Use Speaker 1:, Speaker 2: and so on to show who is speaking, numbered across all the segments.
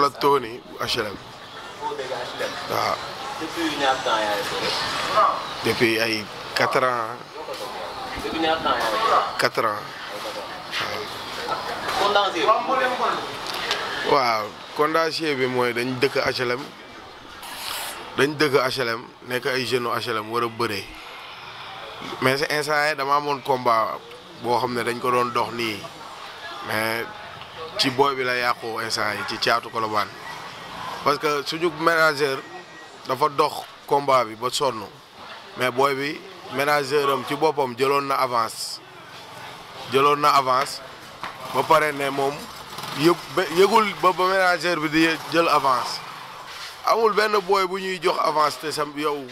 Speaker 1: la Tony HLM. waaw. depuis ay quatre ans. quatre ans. waaw condensé bi mooy dañ dëkk HLM dañ dëkk HLM nekk ay jeunes HLM war a bëree mais sa instant dama amoon combat boo xam ne dañ ko doon dox nii mais. ci booy bi la yàqu instant yi ci caatu Colobane parce que suñu manager dafa dox combat bi ba sonn mais booy bi manager am ci boppam jëloon na avance jëloon na avance ba pare ne moom yëg yëgul ba ba bi di jël avance amul benn booy bu ñuy jox avance te sa yow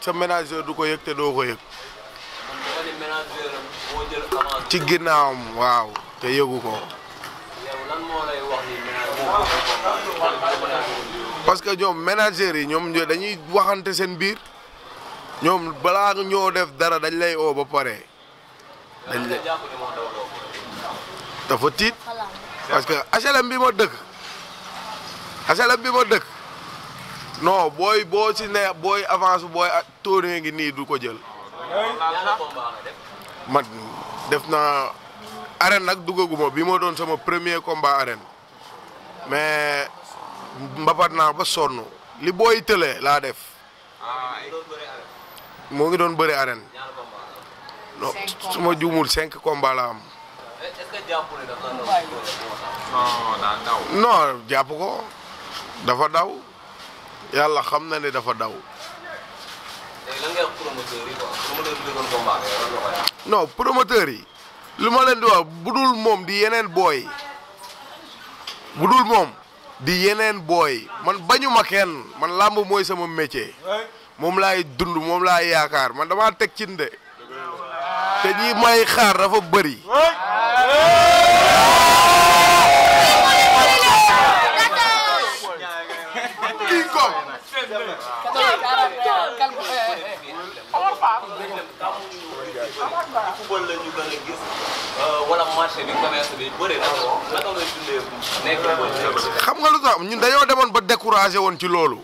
Speaker 1: sa manager du ko yëg te doo ko yëg ci ginnaawam waaw te yëgu ko parce que ñoom ménager yi ñoom dañuy waxante seen biir ñoom balaa ñoo def dara dañ lay oo ba pare dañ lay dafa tiit parce que HLM bi ma dëkk HLM bi ma dëkk non booy boo si ne booy avance booy tourné ngi nii du ko jël man def na arène nak dugaguma bi ma don sama premier combat arène mais mbapat na ba sonu li boy tëlee ah, la def mo ngi jumur beure arène No, su ma juumul Ya combat la am non jàpp ko dafa daw yalla xamna dafa daw non promoteur yi di budul mom di yenen boy bu dul moom di yeneen booy man bañu ma kenn man làmb mooy sama métier moom lay dund moom laay yaakaar man dama teg cin de te may xaar dafa bëri. football la xam nga lu tax ñun dañoo demoon ba découragé woon ci loolu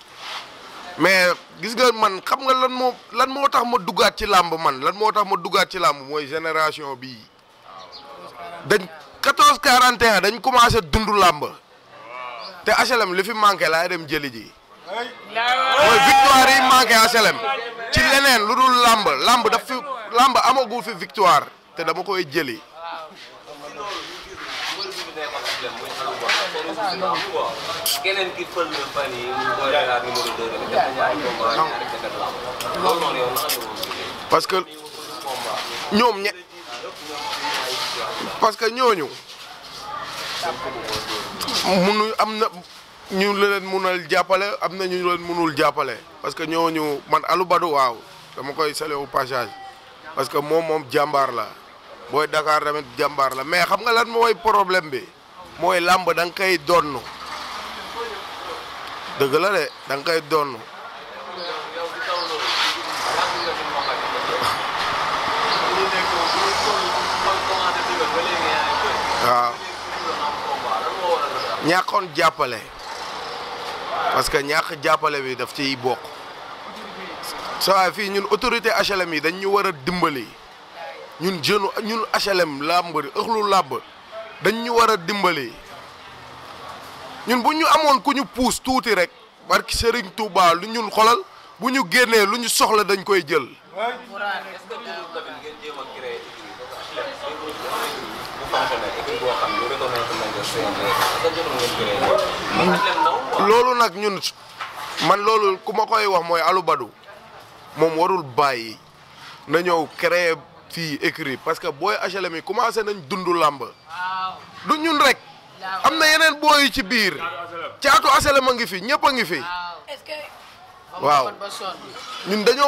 Speaker 1: mais gis nga man xam nga lan moo lan moo tax ma duggaat ci làmb man lan moo tax ma duggaat ci làmb mooy génération bii dañ 14 41 dañ commencé dund làmb te HLM li fi manqué laay dem jëli ji mooy victoire yi manqué HLM ci leneen lu dul làmb làmb daf fi làmb amagul fi victoire te dama koy jëli. quoi. que ñoom ñe. parce que ñooñu. munu am na ñu leen munal jàppale am na ñu leen munul jàppale parce que ñooñu man Alou Badou waaw dama koy saluer au passage parce que moom moom jàmbaar la booy dakaar tamit jàmbaar la mais xam nga lan mooy problème bi. mooy làmb da nga koy donn dëgg la de da nga koy donn waaw ñàkkoon jàppale parce que ñàkk jàppale bi daf ciy bokk saa fii ñun autorité HLM yi dañ ñu war a dimbali ñun jënu ñun HLM làmb ëxlu làmb dañ ñu war a dimbali ñun bu ñu amoon ku ñu puus tuuti rek barki sëriñ Touba lu ñun xolal bu ñu génnee lu ñu soxla dañ koy jël. loolu nag ñun man loolu ku ma koy wax mooy alubadu moom warul bàyyi na ñëw créer. fi écrit parce que boy HLM yi commencé nañ dund lamb du ñun rek yenen boy yeneen booy yu ci biir caatu HLM a ngi fi ñepp ngi fi waaw ñun dañu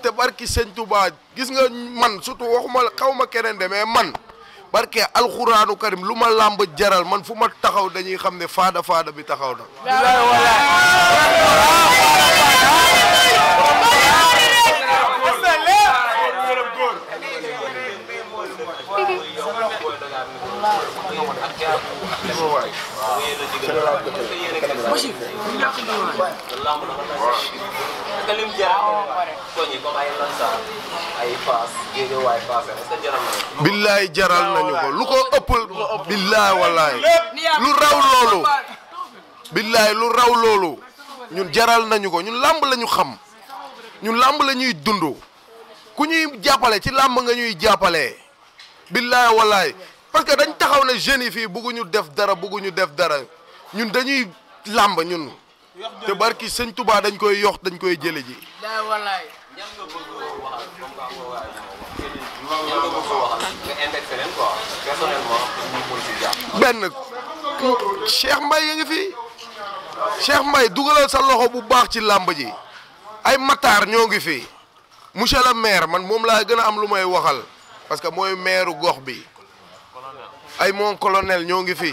Speaker 1: te barki Seigne Touba gis nga man surtout waxuma xawma keneen de mais man barke alquran karim luma lamb jaral man fuma taxaw dañuy xamné ne faada faada bi taxaw na Bachir. billaay jaral nañu ko lu ko ëppal. billaay wallaay lu raw loolu. billaay lu raw loolu. ñun jaral nañu ko ñun làmb lañu xam. ñun làmb la ñuy dund. ku ñuy jàppale ci làmb nga ñuy jàppale. billaay wallaay parce que dañ taxaw ne jeunes yi fii bëgguñu def dara bëgguñu def dara. ñun dañuy lamb ñun te barki seigne Touba dañ koy yox dañ koy jële ji wallaay ñan nga nga bëgg waxal Cheikh mbay ya ngi fi Cheikh mbay dugalal sa loxo bu baax ci lamb ji ay matar ñoo ngi fi monsieur le maire man mom la gëna am lu may waxal parce que moy maire gox bi ay mon colonel ñoo ngi fi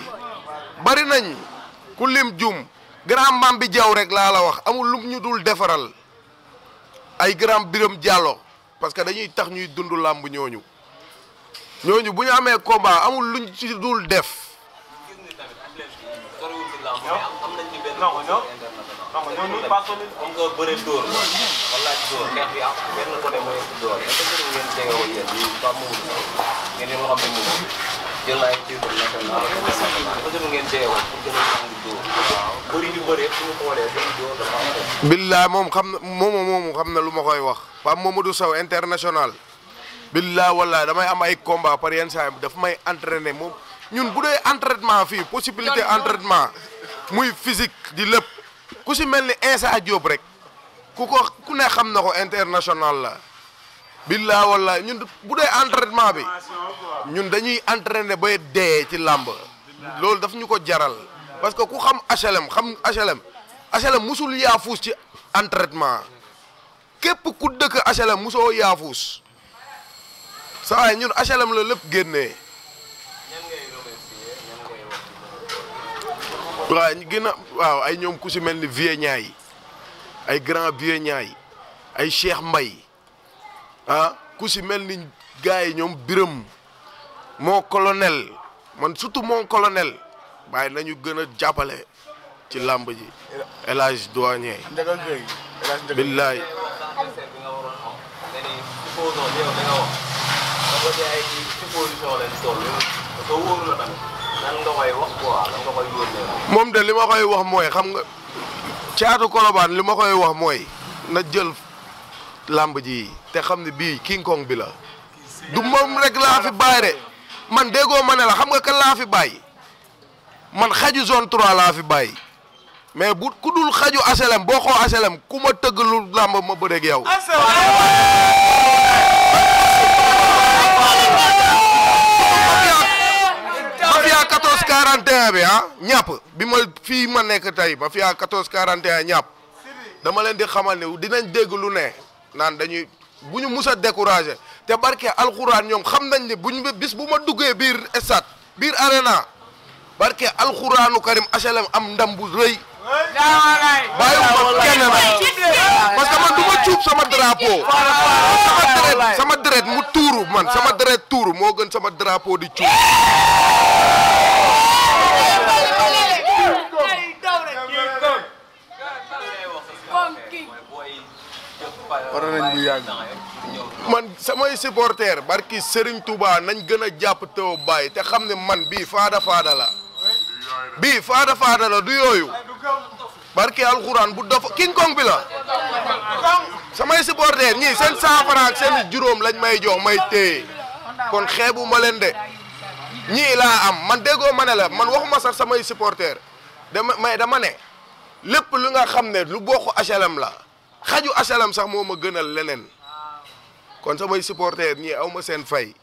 Speaker 1: bari nañ ku lim jum grand maam bi jaw rek laa la wax amul lum ñu dul defaral ay grand biram jàllo parce que dañuy tax ñuy dund làmb ñooñu ñooñu bu ñu amee combat amul luñ ci dul def. jël moom xam na moom xam na lu ma koy wax Pape Mamadou Sow international. billaay wallaay damay am ay combat par yenn saa daf may entraîner moom ñun bu dee entraînement fii possibilité entraînement muy physique di lépp ku si mel ni Insa Diop rek ku ko ku ne xam na ko international la. billaa wallaay ñun bu dee entraînement bi ñun dañuy entraîner bay dee ci làmb loolu daf ñu ko jaral parce que ku xam HLM xam HLM HLM musul yaafuus ci entraînement képp ku dëkk HLM musoo yaafuus saa waay ñun HLM la lépp génnee waaw gën a waaw ay ñoom ku si mel ni vieux ñaay ay grand vieux ñaay ay Cheikh Mbaye Ah, ku si mel ni gars yi ñoom biram moo colonel man surtout mon kolonel bàyyi nañu gën a jàppale ci làmb ji El Hadj Douanier moom de li ma koy wax mooy xam nga caatu Kolobaan li ma koy wax mooy na jël làmb ji te xam ne bii King Kong bi la du moom rek laa fi bàyyi de man déggoo ma ne la xam nga kan laa fi bàyyi man xaju zone 3 laa fi bàyyi mais bu ku dul xaju HLM boo xoo HLM ku ma tëgg lu làmb ma bëreeg yow. mafia 14 41 bi ah ñàpp bi ma fii ma nekk tey mafia 14 41 ñàpp dama leen di xamal ne dinañ dégg lu ne. naan dañuy bu ñu mus a découragé te barke alxuraan ñoom xam nañ ne buñ bis bu ma duggee biir stade biir arena barke alxuraanu karim HLM am ndam bu rëy. bàyyiwuma kenn nag parce que man du ma cuub sama drapeau sama deret mu tuuru man sama deret tuuru moo gën sama drapeau di cuub. samay supporter barki Serigne Touba nañ gën a jàpp te taw bàyyi te xam ne man bii faada faada la bii faada faada la du yooyu barki alxuraan bu dof king kong bi la samay supporter ñii seen cent ak seen juróom lañ may jox may téye kon xeebu ma leen de ñii laa am man déggoo ma ne la man waxuma sax samay supporter dama mais dama ne lépp lu nga xam ne lu bokk HLM la xaju HLM sax moo ma gënal leneen kon samay supporters ñii aw ma seen fay.